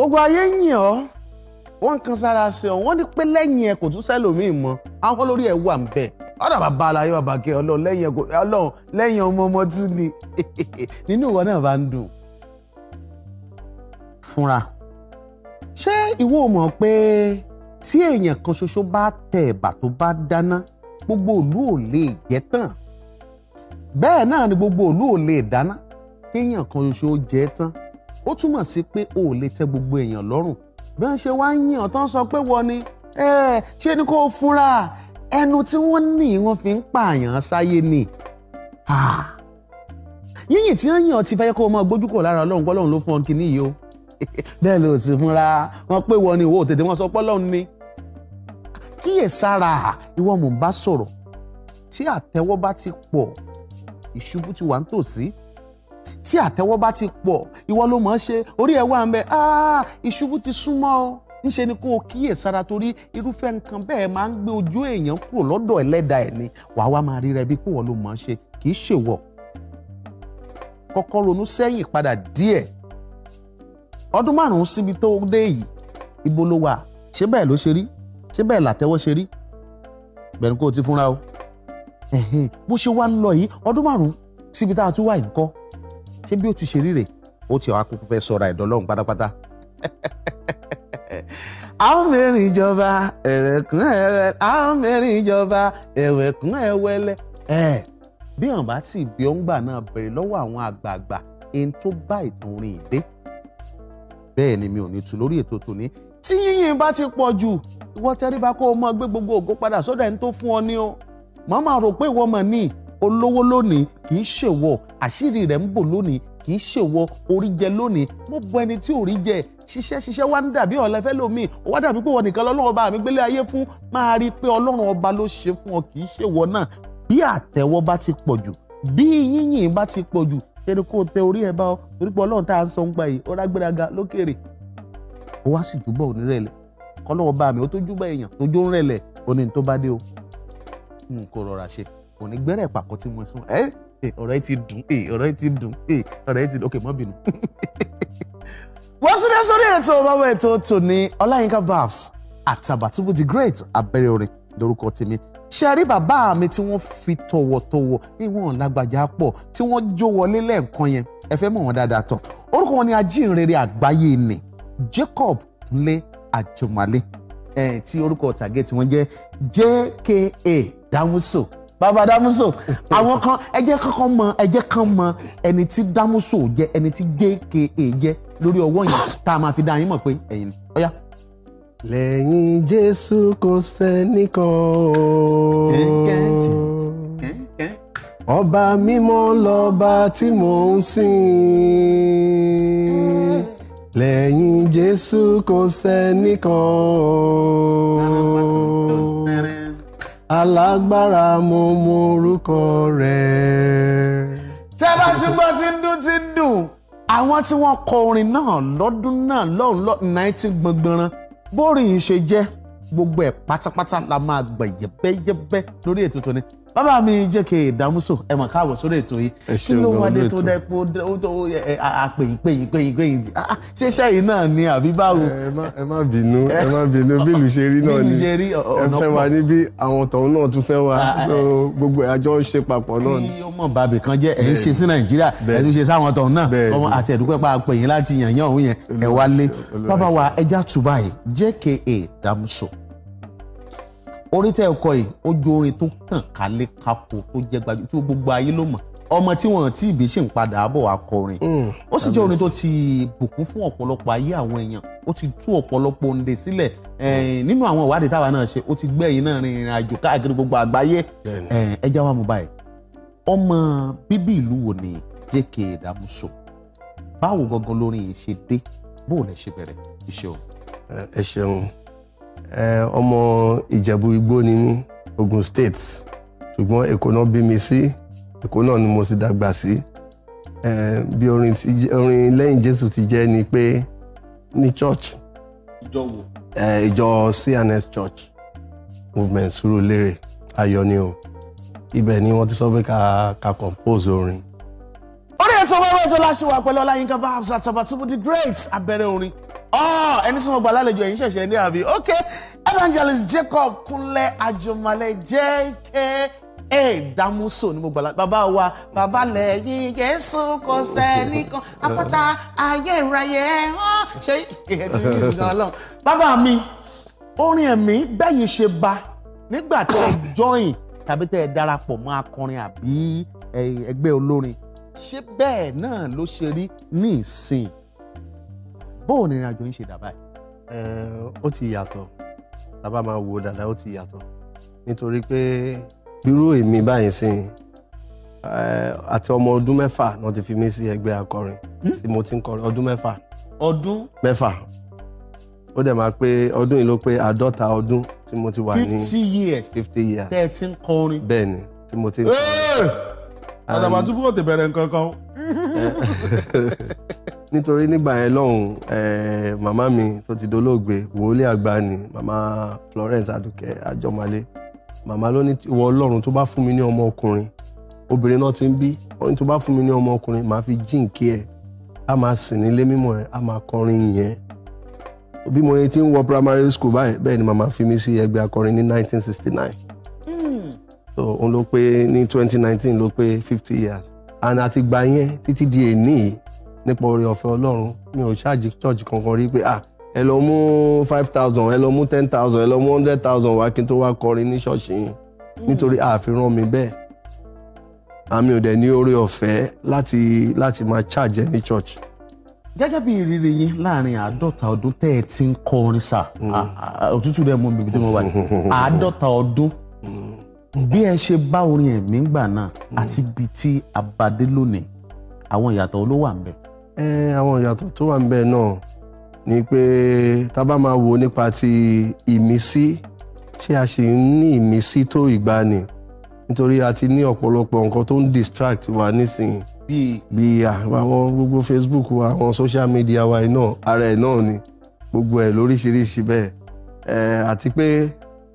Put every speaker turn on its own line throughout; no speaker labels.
gbogbo ayé yìn ọ́ wọ́n kan sára sí ọ wọ́n ní pé lẹ́yìn ẹ kò tún sẹ́lòmíì mọ́ àwọn olórí ẹ wà ń bẹ̀ ọ̀dọ̀ bàbá aláyé bàbá kẹ ọlọ́run lẹ́yìn ẹ kò ọlọ́run lẹ́yìn ọmọ ọmọ tún ni nínú ìwọ náà bá ń dùn. fúnra ṣé ìwọ mọ̀ pé tí èèyàn kan ṣoṣo bá tẹ ẹ̀bà tó bá dáná gbogbo ìlú ò lè jẹ́ tán bẹ́ẹ̀ náà ni gbogbo ìlú ò lè dáná kéèyàn kan ṣoṣo jẹ́ tán ó túmọ̀ sí pé o ò lè tẹ́ gbogbo èèyàn lọ́rùn bí wọ́n ṣe wá ń yìn ọ̀tán sọ pé wọ́n ni ṣé ni kò fura ẹnu tí wọ́n ní wọ́n fi ń pààyàn sáyé ni yíyìn tí wọ́n yìn ọ ti fẹ́ kó o máa gbójú kò lára ọlọ́run gbọ́lọ́run ló fún ọ kínní yìí o bẹ́ẹ̀ ló ti fúnra wọn pé wọ́n ni ìwọ òtètè wọn sọ pọ́lọ́run ni kíyèsára ìwọ mò ń bá sọ̀rọ̀ tí àtẹ́wọ́ bá ti pọ̀ ìṣubú ti wà ń tòsí tí àtẹ́wọ́bá ti pọ̀ ìwọ ló mọ̀ ọ́n ṣe orí ẹ̀ wà ń bẹ ah ìṣubú ti súnmọ́ o ńṣe ni kó o kíyè sára torí irúfẹ́ nǹkan bẹ́ẹ̀ máa ń gbé ojú èèyàn kúrò lọ́dọ̀ ẹlẹ́dà ẹ̀ ni wàá wá máa rí rẹ bí pé wọ́n ló mọ̀ ọ́n ṣe kì í ṣèwọ̀ kọ́kọ́ ronú sẹ́yìn padà díẹ̀ ọdún márùn-ún síbi tó dé yìí ibo ló wà ṣé bẹ́ẹ̀ ló ṣe rí ṣé bẹ́ẹ̀ làtẹ́wọ́ ṣe rí bẹ́ẹ̀ ni kó o ti fúnra o bó ṣe wá ń lọ yìí ọdún márùn-ún síbi tá a tún wà yìí kọ́ ṣé bí ó ti ṣe ríre ó ti àwọn akókò fẹ́ sọ̀rọ̀ ẹ̀dọ́ lọ́hùn pátápátá. àwọn mẹ́rin ìjọba ẹ̀wẹ̀kún ẹ̀wẹ̀ àwọn mẹ́rin ìjọba ẹ̀wẹ̀kún ẹ̀wẹ̀lẹ̀ ẹ̀ bí àwọn bá sì bí ó ń gbà náà bẹ̀rẹ̀ lọ́wọ́ àwọn àgbààgbà ẹni tó bá ìtàn orin ìdé bẹ́ẹ̀ ni mi ò ní tu lórí ètò tòní tí yíyìn bá ti pọ̀ jù wọ́n tẹríba kó o mọ gbé gbogbo ògo padà sọ́dọ̀ ẹni tó fún ọ ní o màmá rò pé ìwọ mọ̀ ní olówó lónìí kì í ṣèwọ àṣírí rẹ̀ ń bò lónìí kì í ṣèwọ orí jẹ lónìí mo bọ ẹni tí ò rí jẹ ṣiṣẹ́ ṣiṣẹ́ wá ń dàbí ọ̀lẹ fẹ́ lómi wá dàbí pé wọn nìkan lọ́lọ́run ọba mi gbélé ayé fún máa rí i pé ọlọ́run ọba ló ṣe fún ọ kì í ṣèwọ náà bí àtẹ́wọ́ bá ti pọ̀ jù bí yíyìn bá ti pọ̀ jù ṣe kó o tẹ orí ẹ bá ọ torí pé ọlọ́run tá à ń sọ ń gba yìí ó rágbéraga lókèrè ó wá sì jùbọ̀ onírẹ̀lẹ̀ kọ́lọ́run ọba mi ó tó jùbọ̀ èèyàn tó jó ń rẹ̀lẹ̀ ó ní tó bá dé o kó rọra ṣe òní gbẹ́rẹ́ ìpàkọ́ tí mo sún ẹ́ ọ̀rọ̀ yìí ti dùn ọ̀rọ̀ yìí ti dùn ọ̀rọ̀ yìí ti dùn ok mọ́ bínú. wọ́n tún dé sórí ètò bàbá ètò tòní ọláyínká babs àtàbàtúbù the great abẹ́rẹ́ orin lórúkọ tèmi ṣe rí bàbá mi tí wọ́n fi tọ̀wọ̀tọ̀wọ̀ níwọ̀n lágbàjá pọ̀ tí wọ́n jó wọlé lẹ́ẹ̀kan yẹn ẹ fẹ́ mọ̀ wọ́n dáadáa tán orúkọ wọn ni ajínrere àgbáyé ni Jacob Kúnlé Àjùmọ̀lé ẹ̀ tí orúkọ tàgé tí jẹ́ JKA Dámúsò bàbá Dámúsò àwọn kan ẹ jẹ́ kankan mọ ẹ jẹ́ kan mọ ẹni tí Dámúsò jẹ́ ẹni tí jka jẹ́ lórí ọwọ́ yẹn tá a máa fi dá
yín mọ̀ pé ẹ̀yin ni ó yá. Jésù kò sẹ́nìkan ọba mímọ́ lọ́ba tí mò ń sìn lẹ́yìn Jésù kò sẹ́nìkan o alágbára mo mọ orúkọ rẹ̀. tẹ́ bá ṣe gbọ́ tí
ń dún tí ń dùn àwọn tí wọ́n kọ orin náà lọ́dún náà lọ́hùn lọ́ nineteen gbọngbọnran bórin yìí ṣe jẹ́ gbogbo ẹ̀ pátápátá la máa gbẹ̀ yẹ́bẹ́yẹ́bẹ́ lórí ètò tòní bàbá mi jẹ́kẹ̀ ìdámúsò ẹ mọ̀ káàbọ̀ sórí ètò yìí kí ló wá dé tó dẹ́ pé ó tó àpèyìn péyìn péyìn péyìn tí ah, ah, ṣé sẹ́yìn náà ni àbí báwo.
ẹ má bínú ẹ má bínú bílù ṣe rí náà ni ẹ fẹ́ wa níbí àwọn tọ̀hún náà tún fẹ́ wa ah, eh. gbogbo àjọ ṣe papọ̀ náà ni. kí ó mọ̀ bàbí kan jẹ́ ẹ̀ ń ṣe
sí nàìjíríà ẹ̀ tún ṣe sáwọn tọ̀hún náà ọmọ àti ẹ̀dúpẹ́ pa àpèyìn láti yànyàn òun yẹn ẹ̀ wá lé bàbá wa ẹja tùbà yìí jẹ́kẹ̀ ìdámúsò orin tẹ́ ẹ kọ yìí ó jó orin tó tàn kálé kakò tó jẹ́ gbajú tí gbogbo ayé ló mọ̀ ọmọ tí wọn tí ìbí sì ń padà bọ̀ akọrin mm, ó sì jẹ́ orin tó ti bùkún fún ọ̀pọ̀lọpọ̀ ayé àwọn èèyàn ó ti tú ọ̀pọ̀lọpọ̀ òǹdè sílẹ̀ nínú àwọn ìwádìí táwa náà ṣe ó ti gbẹ̀yìn náà rin ìrìn àjò káàkiri gbogbo àgbáyé ẹja wa mú báyìí ọmọ bíbí ìlú wo ni JK Damuso báwo gangan lórin yìí ṣe dé bóun lè ṣe bẹ̀rẹ̀
iṣẹ́ o. ẹ ṣeun ọmọ ìjẹ̀bú igbó ni mí Ogun State ṣùgbọ́n èkó náà bí mi sí èkó náà ni mo sì dàgbà sí bí orin lẹ́yìn Jésù ti jẹ́ ni pé ní church ìjọ wo ìjọ CNS church movement Surulere ayọ̀ ni o ibẹ̀ ni wọ́n ti sọ pé ká ká compose orin
ètò wẹ́wẹ́ tó láṣìwà pẹ̀lú ọláyínká bá àbúsà Àtàbàtúbú the great abẹ́rẹ́ orin ah, ẹni tí mo gbà lálejò ẹ̀yìn ṣẹ̀ṣẹ̀ ní àbí ok evangelist Jacob Kúnlé Àjùmọ̀lé JKA Dámúsò ni mo gbàlá Baba wa bàbá lẹ́yìn Jésù kò sẹ́nìkan àpáta ayérayé hàn ṣé ẹ ti rí ìsìn Ọlọ́run. bàbá mi orin ẹ̀mí bẹ́yìn ṣe ba nígbà tí ẹ jọyìn tàbí tẹ́ ẹ darapọ̀ mọ́ akọrin àbí ẹgbẹ́ olórin ṣé bẹ́ẹ̀ náà ló ṣe rí ní ìsìn bóun ìrìn àjò yín ṣe
dà báyìí. ó ti yàtọ̀ tábà máa wo dáadáa ó ti yàtọ̀ nítorí pé irú èmi báyìí sí eh, àti ọmọ ọdún mẹ́fà náà ti fi mí sí ẹgbẹ́ akọrin hmm? tí mo ti ń kọrin ọdún mẹ́fà. ọdún mẹ́fà ó dẹ̀ máa pé ọdún yìí ló pé àádọ́ta ọdún tí mo ti wà ní fifty years fifty years tẹ́ ẹ ti ń kọrin. bẹ́ẹ̀ ni tí mo ti ń kọrin. àtàbàtúbú kò tẹ̀ bẹ̀rẹ̀ nǹkan kan. Eh. nítorí nígbà yẹn lọ́hùn màmá mi tó ti dolóògbé wòólé àgbà ni màmá Florence Adúkẹ́ Àjọmálé màmá ló ní ìwọ Ọlọ́run tó bá fún mi ní ọmọ ọkùnrin obìnrin náà ti ń bí ó ní tó bá fún mi ní ọmọ ọkùnrin màá fi jíǹkí ẹ̀ a máa sìn nílé mímọ́ ẹ̀ a máa kọrin yẹn bí mo yẹ ti ń wọ primary school báyìí bẹ́ẹ̀ ni màmá fi mí sí ẹgbẹ́ akọrin ní 1969 hmm. so òun ló pé ní 2019 ló pé 50 years and àtìgbà yẹn títí di èní yìí nípa oore ọ̀fẹ́ ọlọ́run mi ò ṣáàjì church kankan rí pé ah ẹ lọ mú five thousand ẹ lọ mú ten thousand ẹ lọ mú hundred thousand wá kí n tó wá kọrin ní ṣọ́ọ̀ṣì yìí mm. nítorí àfihàn mi bẹ́ẹ̀ àmì ò dẹ̀ ní oore ọ̀fẹ́ láti láti máa charge ní church. gẹ́gẹ́ bí ìrírí yín láàrin àádọ́ta
ọdún tẹ́ ẹ ti ń kọrin sà mm. òtútù rẹ̀ mú mi bí tí mo wà ní mm. àádọ́ta ọdún bí ẹ ṣe bá orin ẹ̀mí gbà náà àti bíi tí abadé lónìí àwọn ìyàtọ̀ olówó à ń
àwọn ìyàtọ̀ tó wà ń bẹ̀ náà ni pé tá a bá máa wo nípa ti ìmísí ṣé a sì ń ní ìmísí tó ìgbani nítorí a ti ní ọ̀pọ̀lọpọ̀ nǹkan tó ń distract wa nísìnyí bíi àwọn gbogbo Facebook wa àwọn social media wa iná ara ẹ̀ náà ni gbogbo ẹ̀ lóríṣiríṣi bẹ́ẹ̀ àti pé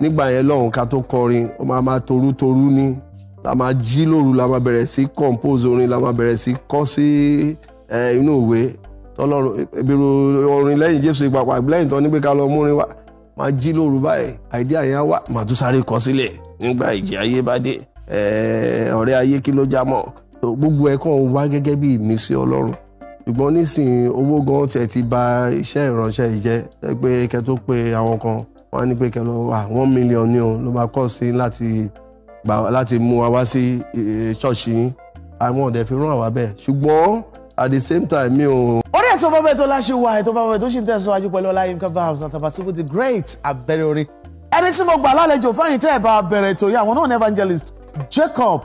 nígbà yẹn lọ́hùn ká tó kọrin ó máa máa torútorú ní la máa jí lóru la máa bẹ̀rẹ̀ sí compose orin la máa bẹ̀rẹ̀ sí kọ sí inú ìwé tọ́lọ́run ìbèrò orin lẹ́yìn Jésù ìpapà lẹ́yìn tán ní pé ká lọ múrin wá máa jí lóru báyìí àìdíà yẹn á wá màá tún sáré kọ sílẹ̀ nígbà ìjì ayé bá dé ọ̀rẹ́ ayé kí ló já mọ́ gbogbo ẹ̀ kàn wá gẹ́gẹ́ bí ìmísí Ọlọ́run ṣùgbọ́n nísìnyí owó gan tiẹ̀ ti ba iṣẹ́ ìránṣẹ́ yìí pé kẹ́ tó pe àwọn kan wọ́n á ní pé kẹ́ lọ wà one million ni o ló máa kọ́ sí láti gbà láti mú wa wá sí eh, ṣọ́ọ̀ṣì yín àwọn ọ̀dẹ̀ fi rán àwa bẹ́ẹ̀ ṣùgbọ́n at the same time mi ò. orí ètò bàbá ètò láṣẹ wà ètò bàbá ètò ṣì ń tẹ̀síwájú
pẹ̀lú ọláyínká vibes àtàbàtúbù the great abẹ́rẹ́ orí ẹni tí mo gbà lálejò fẹ́yìn tẹ́ ẹ̀ bá bẹ̀rẹ̀ ètò yìí àwọn náà ní evangelist Jacob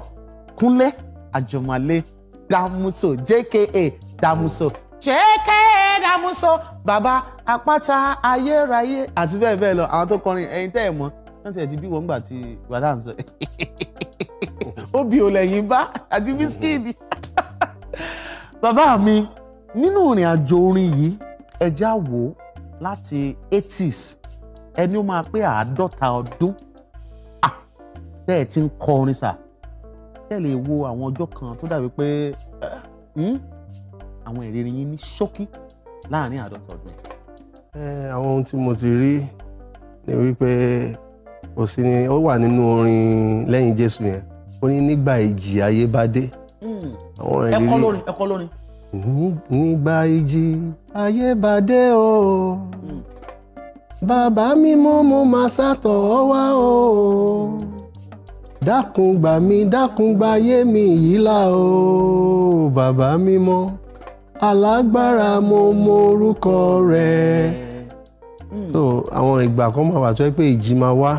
Kúnlé Ajomale Damuso, JKA Dámúsò jẹ́kẹ́ Damuso. bàbá àpáta ayérayé àti bẹ́ẹ̀ bẹ́ẹ̀ lọ àwọn tó kọrin ẹ̀yin tẹ́ ẹ̀ mọ́ náà tiẹ̀ ti bí wọ́n gbà tí gbàdá ń sọ ó bí olè yín bá àti bísíkìtì bàbá mi nínú ìrìn àjò orin yìí ẹja wò ó láti 80s ẹni ó máa pé àádọ́ta ọdún tẹ́ ẹ̀ ti ń kọ orin sà tẹ́ ẹ̀ lè wo àwọn ọjọ́ kan tó dàbí pé eh, hmm, àwọn ìrírí yín ní ṣókí láàrin àádọ́ta ọdún.
àwọn ohun tí mo ti rí ni wípé kò sí ni ó wà nínú orin lẹ́yìn Jésù yẹn ó ní nígbà ìjì ayé bá dé hmm àwọn ìrírí ẹkọ lórin ẹkọ lórin. ń gba ìjì ayé bàdé o bàbá mi mọ́ mo máa sàtọ̀ ọ́ wá o dákun gbà mí dákun gbà yé mi yìí là o bàbá mi mọ́ alágbára mo mọ orúkọ rẹ. Hmm. so àwọn ìgbà kan máa wà tó yẹ pé ìjì máa wá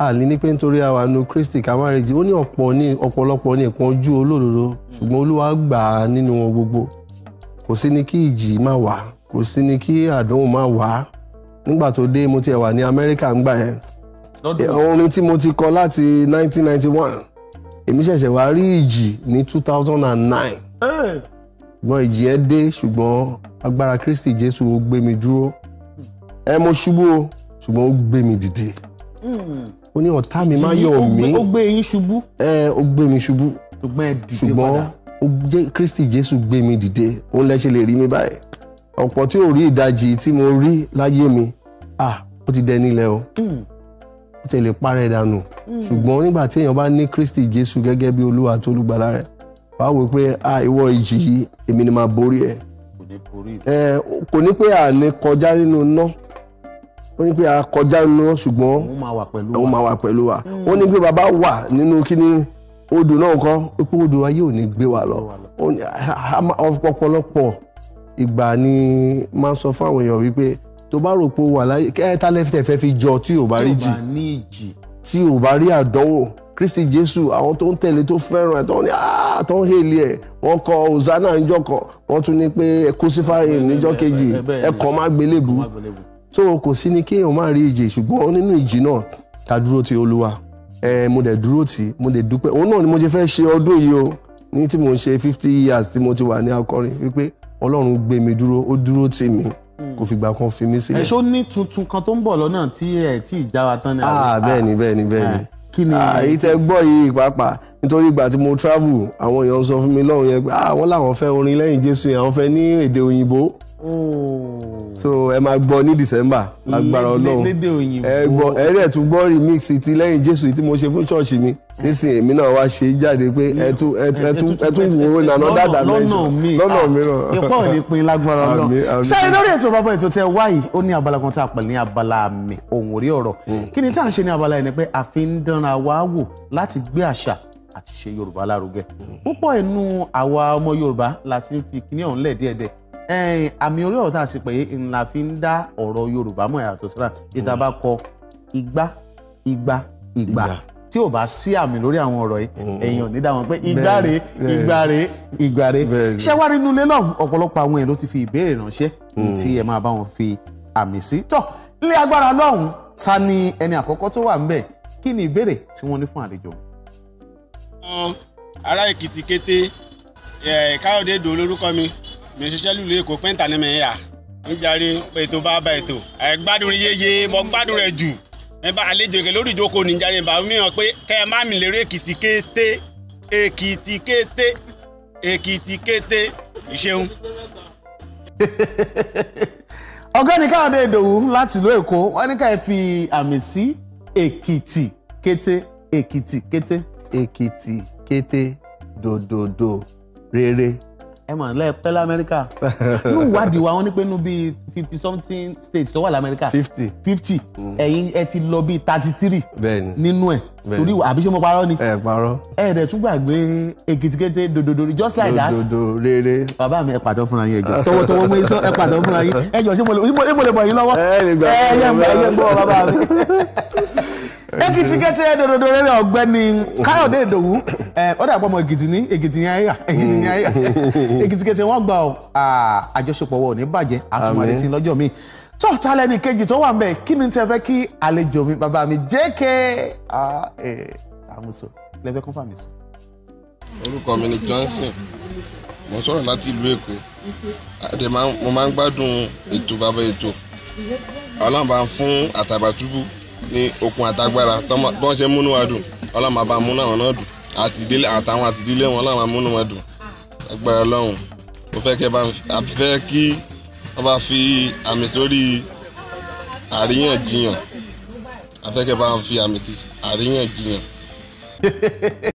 àlè ní pé nítorí àwa nu Kristi ká má rejì ó ní ọ̀pọ̀ ní ọ̀pọ̀lọpọ̀ ní ìpọ́njú olódodo ṣùgbọ́n Olúwa gbà á nínú wọn gbogbo kò sí ní kí ìjì má wà kò sí ní kí àdánwò má wà nígbà tó dé mo ti wà ní Amẹ́ríkà ńgbà yẹn orin tí mo ti kọ láti 1991 èmi ṣẹ̀ṣẹ̀ wá rí ìjì ní 2009 ṣùgbọ́n ìjì ẹ dé ṣùgbọ́n agbára Kristi Jésù ó gbé mi dúró ẹ mo ṣubú o ṣùgbọ́n ó gbé mi dìde. Hmm ó ní ọ̀tá mi máa yọ̀ mí ó gbé yín ṣubú ẹ ó gbé mi ṣubú ṣùgbọ́n ẹ dìde padà ṣùgbọ́n Kristi Jésù gbé mi dìde òun lẹ ṣe lè rí mi báyìí ọ̀pọ̀ tí ò rí ìdajì tí mo rí láyé mi ah ó ti dẹni ilẹ̀ o hmm. ó ti lè parẹ́ dànù hmm. ṣùgbọ́n nígbà tí èèyàn bá ní Kristi Jésù gẹ́gẹ́ bí Olúwa tó lùgbàlà rẹ̀ wàá wò pé ah ìwọ ìjì yìí èmi ni màá borí ẹ kò ní pé à ní kọjá nínú náà ó ní pé a kọjá nínú ṣùgbọ́n òun máa wà pẹ̀lú wa hmm. ó ní pé bàbá wà nínú kíní odò náà kọ́ pé odò ayé ò ní gbé wa lọ ọ̀pọ̀lọpọ̀ ìgbà ni máa ń sọ fún àwọn èèyàn wípé tó bá rò pé wà láyé kẹ́ẹ́ta lẹ́fẹ̀ẹ́ fẹ́ fi jọ tí ò bá rí jì tí ò bá rí àdánwò kristi jésù àwọn tó ń tẹ̀lé tó fẹ́ràn ẹ̀ tó ń ní ah! tó ẹ̀ wọ́n kọ hosanna níjọ́ kan wọ́n tún ní pé crucify níjọ́ kejì ẹ̀ má gbélébùú so kò sí ni kéèyàn má rí ìjì ṣùgbọ́n nínú ìjì náà ta dúró ti olúwa ẹ mo dẹ̀ dúró tì mo dẹ̀ dúpẹ́ òun náà ni mo ṣe fẹ́ ṣe ọdún yìí o ní tí mo ń ṣe fifty years tí mo ti wà ní akọrin wípé ọlọ́run gbé mi dúró ó dúró tì mí hmm. kò fìgbà kan fi mí sílẹ̀. ẹ̀ṣọ́
ní tuntun kan tó ń bọ̀ lọ́nà tí ẹ̀ tí ì já wa tán ni. Ah, bẹ́ẹ̀ ni
bẹ́ẹ̀ ni bẹ́ẹ̀ ah, ni kí ni. Ah, èyí tẹ gbọ́ yìí pàápàá nítorí ìgbà tí mo travel àwọn èèyàn sọ fún mi lọ́hùn yẹn pé àwọn ah, làwọn fẹ́ orin lẹ́yìn Jésù yẹn àwọn fẹ́ ní èdè òyìnbó oh. so ẹ máa gbọ́ ní December lágbára Ọlọ́run ẹ gbọ́ tún gbọ́ remix ti lẹ́yìn Jésù tí mo ṣe fún church mi nísìnyí èmi náà wá ṣe jáde pé ẹ tún wo ìlànà dáadáa lẹ́yìn lọ́nà ah, mìíràn. ipa ò ní pin lágbára Ọlọ́run ṣáà lórí
ètò bàbá ètò tẹ wáyìí ó ní abala kan tá a pè ní abala mi òun rí ọ̀rọ̀ hmm. kí ni tá à ń ṣe ní abala yẹn ni pé àfi ń dánra wá wò láti gbé àṣà àti ṣe yorùbá lárugẹ púpọ̀ ẹnu àwa ọmọ yorùbá la ti ń fi kíní ọ̀hún lẹ̀ díẹ̀díẹ̀ àmì orí ọ̀rọ̀ tá a sì pè é ńlá fi ń dá ọ̀rọ̀ yorùbá mọ̀ yàtọ̀ síra ìta bá kọ igba igba igba tí ò bá sí àmì lórí àwọn ọ̀rọ̀ yìí mm-hmm. èèyàn ní dáwọn pé igba rèé igba rèé igba rèé ṣé wá nínú ilé náà ọ̀pọ̀lọpọ̀ àwọn èèyàn ló ti fi ìbéèrè ránṣẹ́ mm. tí ẹ máa bá wọn fi àmì sí tọ́ ilé agbára lọ́hùn ta ni ẹni àkọ́kọ́ tó wà ń bẹ̀ kí ni ìbéèrè tí wọ́n ní fún àlejò wọn àwọn um, ará èkìtì kété káyọ̀dé dò lórúkọ mi mi ṣiṣẹ́ lùlù èkó pẹ́ńtà ni mi ń yà ń jàre ètò bá ba ètò ẹ̀ gbádùn yéye mo gbádùn rẹ̀ jù ẹ bá àlejò èké lórí ìjókòó nìjàre bá mi hàn pé kẹ́ ẹ má mi lérò èkìtì kété èkìtì kété
èkìtì kété ìṣeun.
ọ̀gbẹ́ni káyọ̀dé ìdòwú láti ìlú èkó wọ́n ní ká ẹ fi àmì sí èkìtì kété èkìtì kété èkìtì kété dòdòdò rere ẹ mọ̀ lẹ́ẹ̀pẹ́ lamẹ́ríkà
inú ìwádìí wa
wọ́n ní pé inú bíi fifty something states tó wà lamẹ́ríkà fifty fifty mm. ẹ̀yin ẹ ti lọ bíi thirty three nínú ẹ̀ torí àbí ṣé mo parọ́ ni ẹ parọ́ ẹ dẹ̀ tún gbàgbé èkìtìkété dòdòdò just like that dòdòdò
rere bàbá
mi ẹ pàtó fúnra yín ẹjọ tọwọ́tọwọ́ mo sọ ẹ pàtó fúnra yín ẹjọ ṣé mo lè bọ̀ yín lọ́wọ́ ẹ ẹ yẹ ń bọ̀ bàbá mi. èkìtì kẹtẹ dòdòdò rẹ ọ̀gbẹ́ni káyọ̀dé ìdòwú eh, ó dàgbọ́ ọmọ èkìtì ní èkìtì ní àyà èkìtì ní àyà mm. èkìtì kẹtẹ wọn gbà ọ àjọṣepọ̀ wọn ò ní bàjẹ́ àtúmọ̀lẹ́ tí lọ́jọ́ mi tó talẹ̀ ní kejì tó wà ń bẹ̀ kí ni tẹ fẹ́ kí àlejò mi bàbá mi JK Àmùsọ lẹ́fẹ́ kún fàmì sí. orúkọ mi ni Johnson
mo sọ̀rọ̀ láti ìlú Èkó mm-hmm. mo máa ń gbádùn ètò bàbá ètò mm-hmm. ọlọ́run bá ń fún Àtàbàtúbù ní okun àtagbára bí wọ́n ṣe múnú wa dùn ọlọ́run máa bá múnú àwọn náà dùn àtàwọn àtìdílé wọn ọlọ́run máa múnú wọn dùn agbára ọlọ́run mo fẹ́ kí wọ́n bá fi àmì sórí àríyànjiyàn afẹ́kẹ́ bá ń fi àmì sí àríyànjiyàn.